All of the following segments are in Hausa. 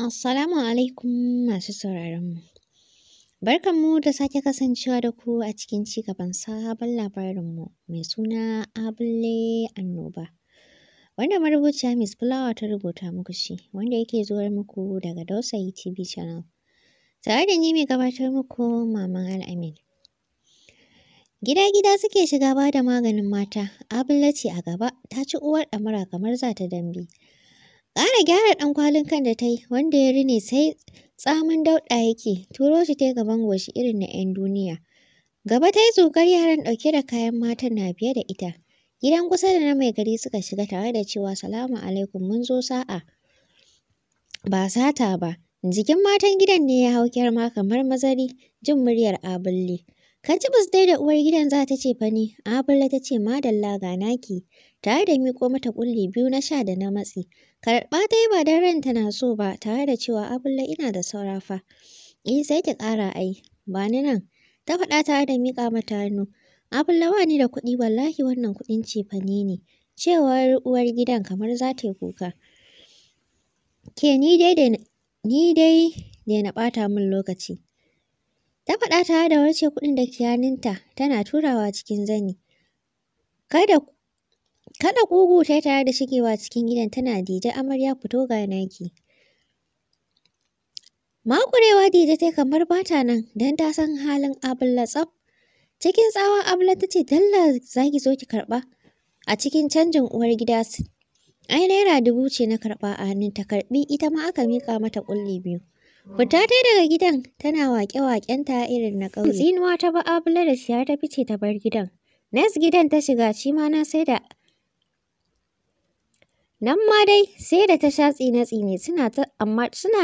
Assalamu alaikum masu sauraronmu. Barkanmu da sake kasancewa da ku a cikin ci gaban sabon labarinmu mai suna Abule Annoba. Wanda marubuciya Miss Flower ta rubuta muku shi, wanda yake zuwa muku daga Dausayi TV Channel. Tare da ni mai gabatar muku Maman Al'amin. Gida-gida suke shiga bada maganin mata, abule ce a gaba, ta ci uwar ɗamara kamar za ta dambe. Ƙara gyara ɗankwalin kan da ta yi, wanda ya rine sai tsamin dauɗa yake, turo shi ta gaban goshi irin na 'yan duniya. Gaba ta yi tsokar yaran ɗauke da kayan matan na biye da ita. Gidan kusa da na mai gari suka shiga tare da cewa salamu alaikum mun zo sa'a. Ba sata ba. Jikin matan gidan ne ya hau kyarma kamar mazari jin muryar abulle. Katibus dai da uwar gidan za ta ce fani, Abulla ta ce madalla ga naki, tare da miƙo mata ƙulli biyu na sha da na matsi. Karɓa ta yi ba don ranta na so ba, tare da cewa Abulla ina da saura fa. Eh sai ta ƙara ai, ba ni nan. Ta faɗa tare da miƙa mata hannu. Abulla ba ni da kuɗi wallahi wannan kuɗin ce fani ne. Cewar uwar gidan kamar za ta yi kuka. Ke ni dai ni dai na ɓata min lokaci. Ta faɗa tare da warce kuɗin da kiyaninta tana turawa cikin zani. Kada kada ƙugu ta yi tare da shigewa cikin gidan tana Dije amarya fito ga naki. Makurewa Dije ta kamar bata nan don ta san halin Abulla tsaf. Cikin tsawon Abulla ta ce dalla za ki zo ki karɓa a cikin canjin uwar gida Ai naira dubu ce na karɓa a hannun ta karɓi ita ma aka miƙa mata ƙulli biyu. Fita dai daga gidan tana waƙe-waƙenta irin na ƙauye. Tsinuwa ta ba abula da siyar ta fice ta bar gidan. Nes gidan ta shiga shi ma na sai da Nan ma dai sai da ta sha tsine-tsine suna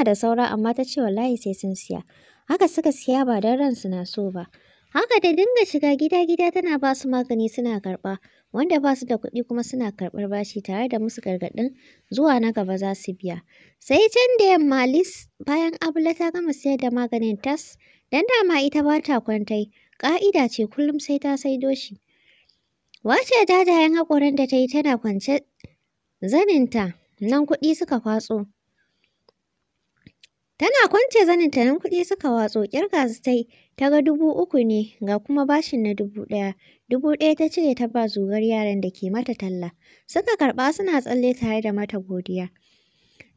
da saura amma ta ce wallahi sai sun siya. Haka suka siya ba don ransu na so ba. Haka da dinga shiga gida-gida tana ba su magani suna karɓa. wanda ba su da kuɗi kuma suna karɓar bashi tare da musu gargaɗin zuwa na gaba za su biya. Sai can da yamma Liz bayan Abula ta gama sayar da maganin tas, dan dama ita ba ta kwantai, ƙa'ida ce kullum sai ta saido shi. Wace jajayen haƙoran da ta yi tana kwance zaninta, nan kuɗi suka kwatso. Tana kwance zanin nan kuɗi suka watso ƙirga su ta ta ga dubu uku ne ga kuma bashin na dubu ɗaya. Dubu ɗaya ta cire ta ba zugar yaran da ke mata talla. Suka karɓa suna tsalle tare da mata godiya.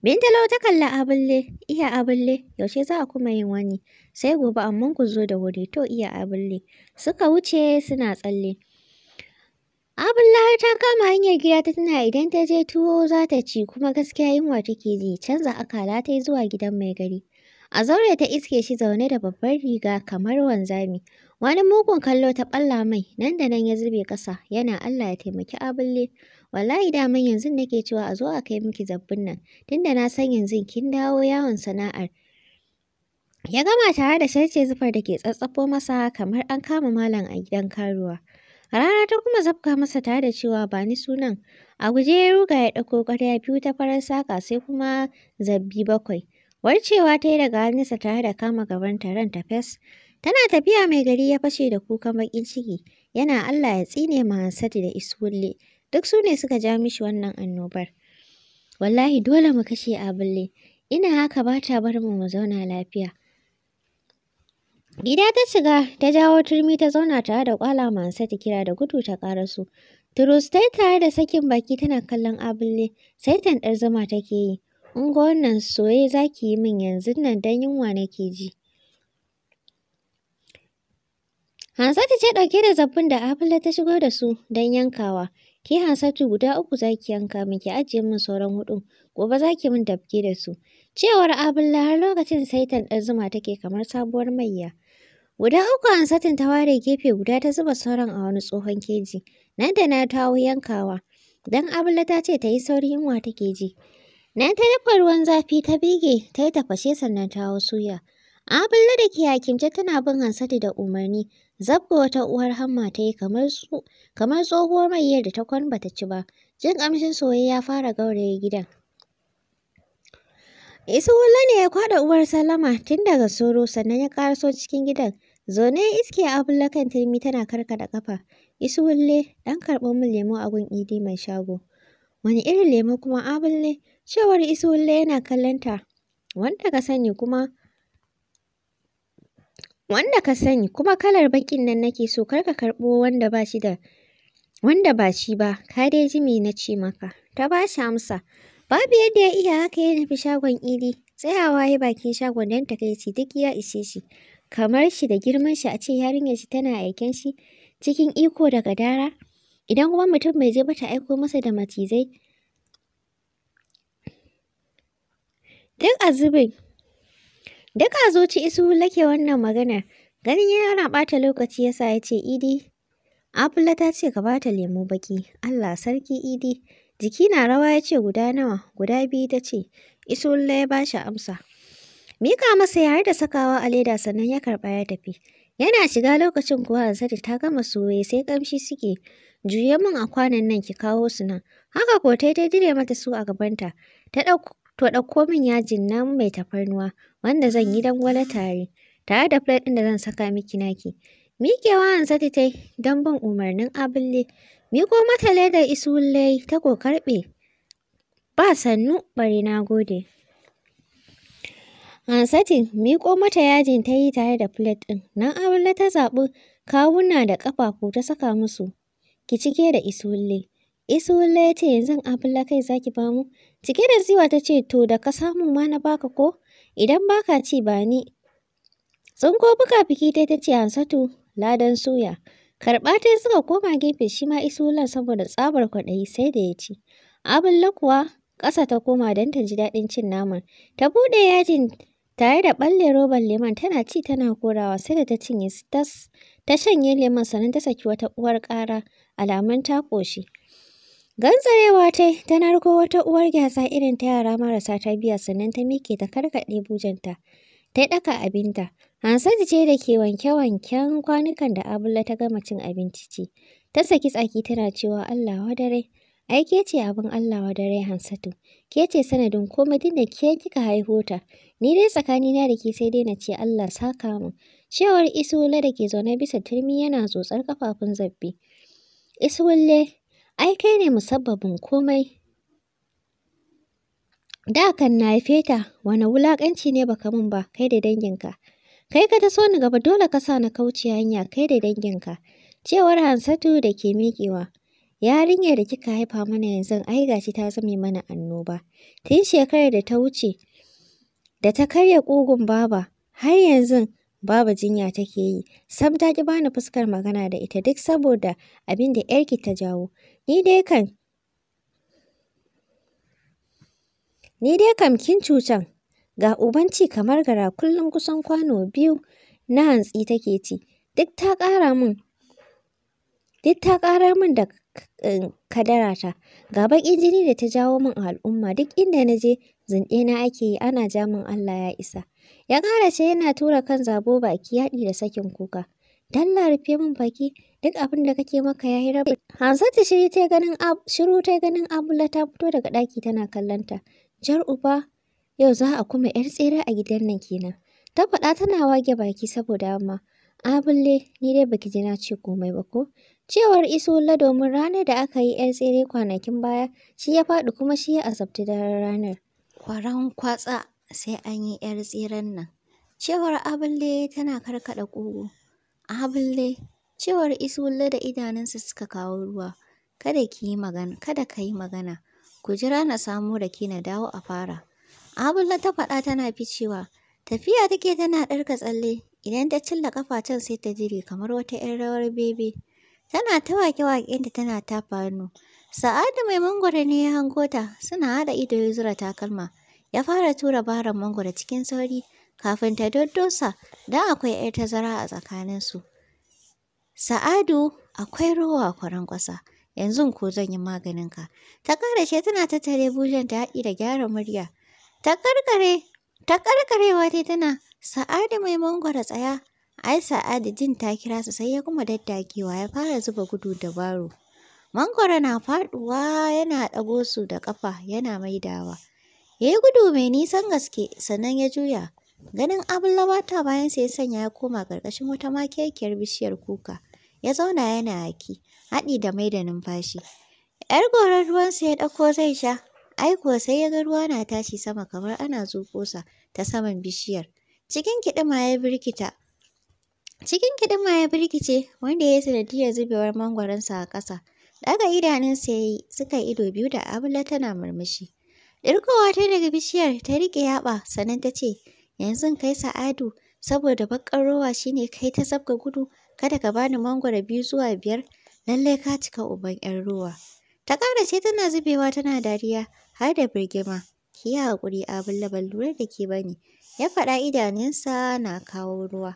Bintalo ta kalla abulle, iya abulle, yaushe za a kuma yin wani? Sai gobe amma ku zo da wuri, to iya abulle. Suka wuce suna tsalle. Abdullahi ta kama hanyar gida ta tana idan ta je tuwo za ta ci kuma gaskiya yunwa take ji canza akala ta yi zuwa gidan mai gari. A zaure ta iske shi zaune da babbar riga kamar wanzami. Wani mugun kallo ta ɓalla mai nan da nan ya zube ƙasa yana Allah ya taimaki abulle. Wallahi daman yanzu nake cewa a zo a kai miki zabbin nan tunda na san yanzu kin dawo yawon sana'ar. Ya gama tare da sharce zufar da ke tsatsafo masa kamar an kama malam a gidan karuwa. Rana ta kuma zafka masa tare da cewa ba ni sunan. A guje ya ruga ya ɗauko ƙwarya biyu ta farar saƙa sai kuma zabbi bakwai. Warcewa ta yi daga hannunsa tare da kama gaban taron ta fes. Tana tafiya mai gari ya fashe da kukan baƙin ciki. Yana Allah ya tsine ma Hansatu da Isulle. Duk su ne suka ja mishi wannan annobar. Wallahi dole mu kashe Abulle. Ina haka ba ta bar mu mu zauna lafiya. Gida ta shiga, ta jawo turmi ta zauna tare da kwala mansa ta kira da gudu ta ƙaraso. Turus ta tare da sakin baki tana kallon abulle, sai ɗan zama take yi. In ga wannan soye za ki yi min yanzu nan don yunwa nake ji. Hansatu ce ɗauke da zabbin da abulle ta shigo da su don yankawa. Ke Hansatu guda uku za ki yanka min ki ajiye min sauran huɗu gobe za ki min dafke da su. Cewar abulle har lokacin sai tanɗar zuma take kamar sabuwar mayya. Guda uku satin ta ware gefe guda ta zuba sauran a wani tsohon keji. Nan da na tawo yankawa. Don Abula ta ce ta yi sauri yunwa take ji. Nan ta dafa ruwan zafi ta bige ta yi tafashe sannan ta hau suya. Abula da ke hakimce tana bin hansati da umarni. Zabba wata uwar hamma ta yi kamar tsohuwar mai da ta kwan bata ci ba. Jin ƙamshin soyayya ya fara gauraye gidan. wula ne ya kwaɗa uwar Salama tun daga soro sannan ya ƙaraso cikin gidan. Zaune iske a kan turmi tana karkada kafa Isu wulle ɗan karɓo min lemo a gun idi mai shago. Wani irin lemo kuma Abulle? Cewar isu wulle yana kallonta. Wanda ka sani kuma wanda ka sani kuma kalar bakin nan nake so karka ka karɓo wanda ba shi da wanda ba shi ba ka dai ji me na ce maka. Ta ba shi amsa. Babu yadda ya iya haka ya nufi shagon idi, tsayawa ya bakin shagon don takaici duk ya ishe shi. kamar shi da girman shi a ce yarinyar shi tana aiken shi cikin iko da gadara idan kuma mutum bai je bata aiko masa da macizai duk a zubin duk a zuci isu lake wannan maganar ganin ya yana bata lokaci yasa ya ce idi Abula ta ce ka bata lemu baki. Allah sarki idi. Jiki na rawa ya ce guda nawa, guda biyu ta ce. isu ya bashi amsa. Mika masa yare da sakawa a leda sannan ya karɓa ya tafi. Yana shiga lokacin kuwa An-sadi ta gama soye sai kamshi suke. Juye min a kwanan nan ki kawo su nan. Haka ko ta ta dire mata su a gabanta. Ta ɗauko to ɗauko min yajin nan mai tafarnuwa wanda zan yi gwala tare tare da plate ɗin da zan saka miki naki mikewa sadi ta yi don bin umarnin abulle Miko mata ledar lai ta ko karɓe ba sannu bari na gode Ansati miƙo mata yajin ta yi tare da plate ɗin, nan Amina ta zaɓi kawuna da ƙafafu ta saka musu. Ki cike da isulle. Isulle ya ce yanzu Amina kai za ki bamu? Cike da ziwa ta ce to da ka samu ma na baka ko? Idan baka ci ba ni. Tsinko buka biki ta ta ce ansatu. ladan suya. Karɓa ta suka koma gefe shi ma isullen saboda tsabar kwaɗayi sai da ya ci. abulla kuwa ƙasa ta koma don ta ji daɗin cin naman. Ta buɗe yajin tare da ɓalle roban lemon tana ci tana korawa sai da ta cinye tas ta shanye lemon sannan ta saki wata uwar ƙara alamun ta ƙoshi. Gantsarewa ta yi ta narko wata uwar gyatsa irin ta yara marasa ta biya sannan ta miƙe ta karkaɗe bujanta ta yi ɗaka abinta. Hansatu ce da ke wanke-wanken kwanukan da Abula ta gama cin abinci ce. Ta saki tsaki tana cewa Allah dare! Ai ke ce abin Allah wa dare Hansatu, ke ce sanadin komai din da ke kika haihu ta. Ni dai tsakanina da ke sai dai na ce Allah saka mu. Cewar Isuwulle da ke zaune bisa turmi yana tsotsar kafafun zabbi. Isuwulle, ai kai ne musabbabin komai. Da kan na haife ta, wani wulaƙanci ne baka mun ba kai da danginka. Kai ka ta so ni gaba dole ka sa na kauce hanya kai da danginka. Cewar Hansatu da ke miƙewa. Yarinyar da kika haifa mana yanzu ai gashi ta zame mana annoba. Tun shekarar da ta wuce da ta karya ƙugun baba har yanzu baba jinya take yi. Sam ta ki bani fuskar magana da ita duk saboda abin da ‘yarki ta jawo. Ni dai kan Ni dai kam kin cucan, ga ubanci kamar gara kullum kusan kwano biyu na hantsi take ci, duk ta ƙara min duk ta mun da kadarata. Ga baƙin jini da ta jawo min a al'umma duk inda na je zanɗe na ake yi ana ja min Allah ya isa. Ya ƙara ce yana tura kan zabo baki yaɗi da sakin kuka. Dalla rufe min baki duk abin da kake maka ya yi rabin. Hansatu shiru ta ganin shiru ta ganin Abula ta fito daga ɗaki tana kallon ta. Jar uba yau za a kuma ‘yar tsere a gidan nan kenan. Ta faɗa tana wage baki saboda amma. Abulle ni dai baki ji na ce komai ba ko? Cewar iso domin ranar da aka yi 'yar tsere kwanakin baya, shi ya faɗi kuma shi ya azabti da ranar. Kwaran kwatsa sai an yi 'yar tseren nan. Cewar Abulle tana karkaɗa ƙugu. Abulle, cewar iso da idanunsa suka kawo ruwa. Kada ki yi magana, kada ka yi magana. Ku jira na samo rake na dawo a fara. Abulle ta faɗa tana ficewa. Tafiya take tana ɗarka tsalle. Idan ta cilla ƙafa can sai ta jire, kamar wata 'yar rawar bebe. Tana ta waƙe waƙen da tana ta Sa'adu mai mangwaro ne ya hango ta suna haɗa ido ya zura takalma. Ya fara tura baran mangwaro cikin sauri kafin ta doddosa don akwai 'yar tazara a tsakaninsu. Sa'adu akwai rowa kwarankwasa yanzu ko zan yi ka. Ta ƙarashe tana tattare bujen ta haɗi da gyara murya. Ta ƙarƙare ta dai tana Sa'adu mai mangwaro tsaya Ai Sa'adu jin ta kira su sai ya kuma daddakewa ya fara zuba gudu da baro. Mangoro na faɗuwa yana ɗago su da ƙafa yana maidawa. Ya yi gudu mai nisan gaske sannan ya juya. Ganin abin ta bayan sai ya sanya ya koma ƙarƙashin wata makekiyar bishiyar kuka. Ya zauna yana aiki, haɗi da mai da numfashi. ‘Yar ruwan ruwansa ya ɗauko zai sha, ai kuwa sai ya ga ruwa na tashi sama kamar ana zuƙo sa ta saman bishiyar. Cikin kiɗima ya birkita, Cikin kiɗin kiɗima ya ce, wanda ya yi sanadiyar zubewar mangwaronsa a ƙasa. Daga idanunsa ya yi suka ido biyu da abula tana murmushi. Ɗirkowa ta daga bishiyar ta riƙe yaɓa sannan ta ce, yanzu kai sa'adu saboda baƙar rowa shine kai ta zabga gudu kada ka bani mangwaro biyu zuwa biyar lallai ka cika uban 'yan ruwa. Ta ƙara ce tana zubewa tana dariya har da birgima. Ki yi haƙuri abin ban lura da ke bane. Ya faɗa idanunsa na kawo ruwa.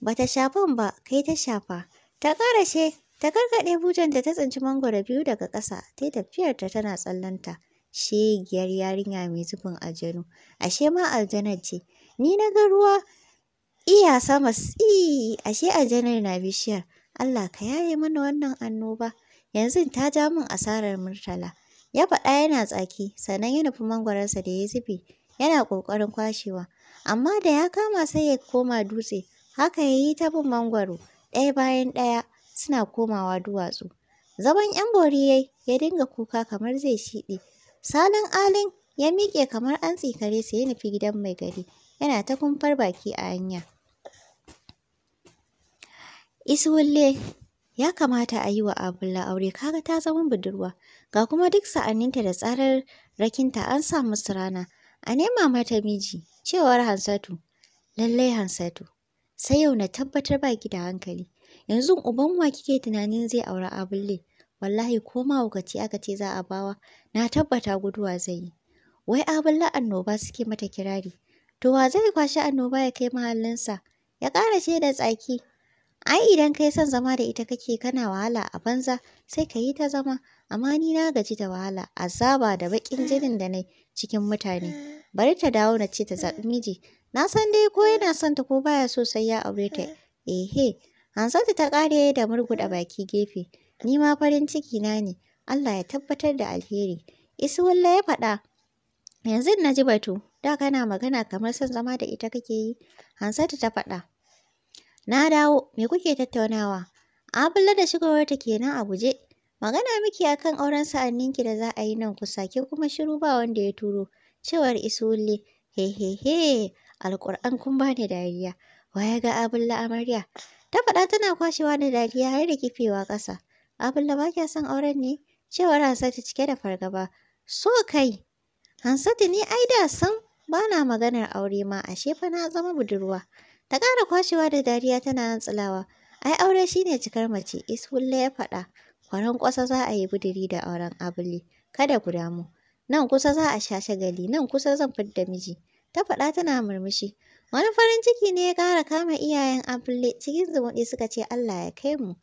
Ba ta shafan ba, kai ta shafa. Ta ƙarashe, ta gargaɗe bujan da ta tsinci mangwaro biyu daga ƙasa, ta tafiyarta tana tsallonta. Shegiyar yarinya mai zubin aljanu, ashe ma aljanar ce. Ni na ga ruwa iya sama tsi, ashe aljanar na bishiyar. Allah ka yaye mana wannan annoba. Yanzu ta ja min asarar murtala. Ya faɗa yana tsaki, sannan ya nufi mangwaronsa da ya zube, yana ƙoƙarin kwashewa. Amma da ya kama sai ya koma dutse, Haka ya yi ta bin mangwaro ɗaya bayan ɗaya suna komawa duwatsu. Zaman ‘yan bori ya dinga kuka kamar zai shiɗe. Salon alin ya miƙe kamar an tsikare sa ya nufi gidan mai gari yana ta kumfar baki a hanya. Isuwulle ya kamata a yi wa abula aure kaga ta zama budurwa ga kuma duk sa'anninta da tsarar rakinta an sa musu rana a nema mata miji cewar Hansatu lallai Hansatu sai yau na tabbatar ba ki da hankali. Yanzu uban wa kike tunanin zai aure abulle? Wallahi ko mahaukaci aka ce za a bawa, na tabbata guduwa zai yi. Wai abulle annoba suke mata kirari. To wa zai kwashi annoba ya kai mahallinsa? Ya ƙara ce da tsaki. Ai idan kai son zama da ita kake kana wahala a banza sai ka yi ta zama, amma ni na gaji da wahala, azaba da baƙin jinin da nai cikin mutane. Bari ta dawo na ce ta zaɓi miji Na san dai ko yana son ta ko baya so sai ya aure ta. Ehe, Hansatu ta ƙare da murguɗa baki gefe. Ni ma farin ciki na ne. Allah ya tabbatar da alheri. Isuwalla ya faɗa. Yanzu na ji batu, da kana magana kamar son zama da ita kake yi. Hansatu ta faɗa. Na dawo, me kuke tattaunawa? Abulla da shigowarta kenan a guje. Magana miki akan auren sa'anninki da za a yi nan kusa, ke kuma shiru ba wanda ya turo. Cewar Isuwulle, he he he, alƙur'an kun bani dariya ya ga abulla amarya ta faɗa tana kwashewa da dariya har da kifewa ƙasa abulla ba kya son auren ne cewar hansatu cike da fargaba so kai hansatu ni ai da san ba na maganar aure ma ashe fa na zama budurwa ta ƙara kwashewa da dariya tana hantsilawa ai aure shine cikar mace isfulla ya faɗa kwaron kwasa za a yi buduri da auren abulli. kada ku damu nan kusa za a sha shagali nan kusa zan fidda miji ta faɗa tana murmushi. Wani farin ciki ne ya ƙara kama iyayen Abule cikin zumuɗi suka ce Allah ya kai mu.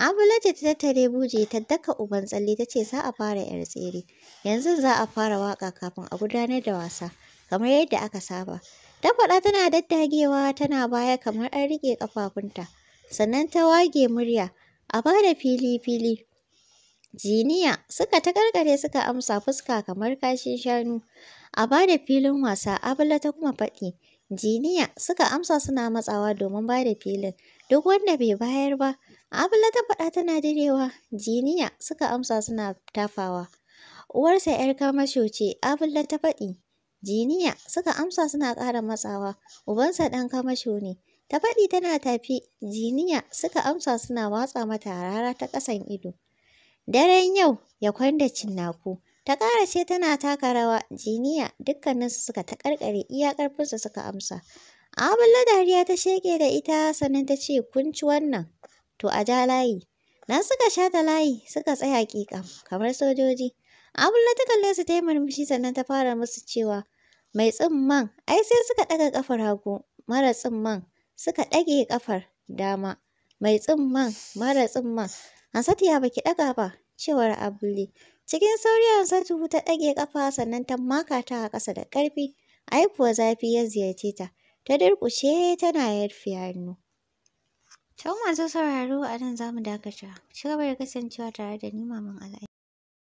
Abule ce ta tattare buje ta daka uban tsalle ta ce za a fara yar tsere. Yanzu za a fara waƙa kafin a gudanar da wasa kamar yadda aka saba. Ta faɗa tana daddagewa tana baya kamar an riƙe ƙafafunta. Sannan ta wage murya a bada fili-fili. Jiniya suka ta gargare suka amsa fuska kamar kashin shanu. A bada filin wasa Abula ta kuma faɗi. Jiniya suka amsa suna matsawa domin bada filin. Duk wanda bai bayar ba, Abula ta faɗa tana direwa. Jiniya suka amsa suna tafawa. Uwarsa 'yar kamasho ce, Abula ta faɗi. Jiniya suka amsa suna ƙara matsawa. Ubansa ɗan kamasho ne. Ta faɗi tana tafi. Jiniya suka amsa suna watsa mata rara ta ƙasan ido. Daren yau ya kwanda cinnaku. Ta ƙara ce tana taka rawa, jiniya dukkaninsu suka taƙarƙare iya ƙarfinsu suka amsa. Abulla dariya ta sheke da ita sannan ta ce kun ci wannan. To a ja layi. Nan suka sha da layi suka tsaya ƙiƙa. kamar sojoji. Abulla ta kalle su ta yi murmushi sannan ta fara musu cewa mai man. ai sai suka ɗaga ƙafar hagu mara man. suka ɗage ƙafar dama mai man. mara man. Ansatu ya baki ɗaga ba, cewar Abule. Cikin sauri Ansatu ta ɗage ƙafa sannan ta maka ta a ƙasa da ƙarfi. Aifuwa zafi ya ziyarce ta, ta durƙushe tana yarfe hannu. ta masu sauraro a nan za mu dakata. Ci gaba da kasancewa tare da ni Maman Al'ayi.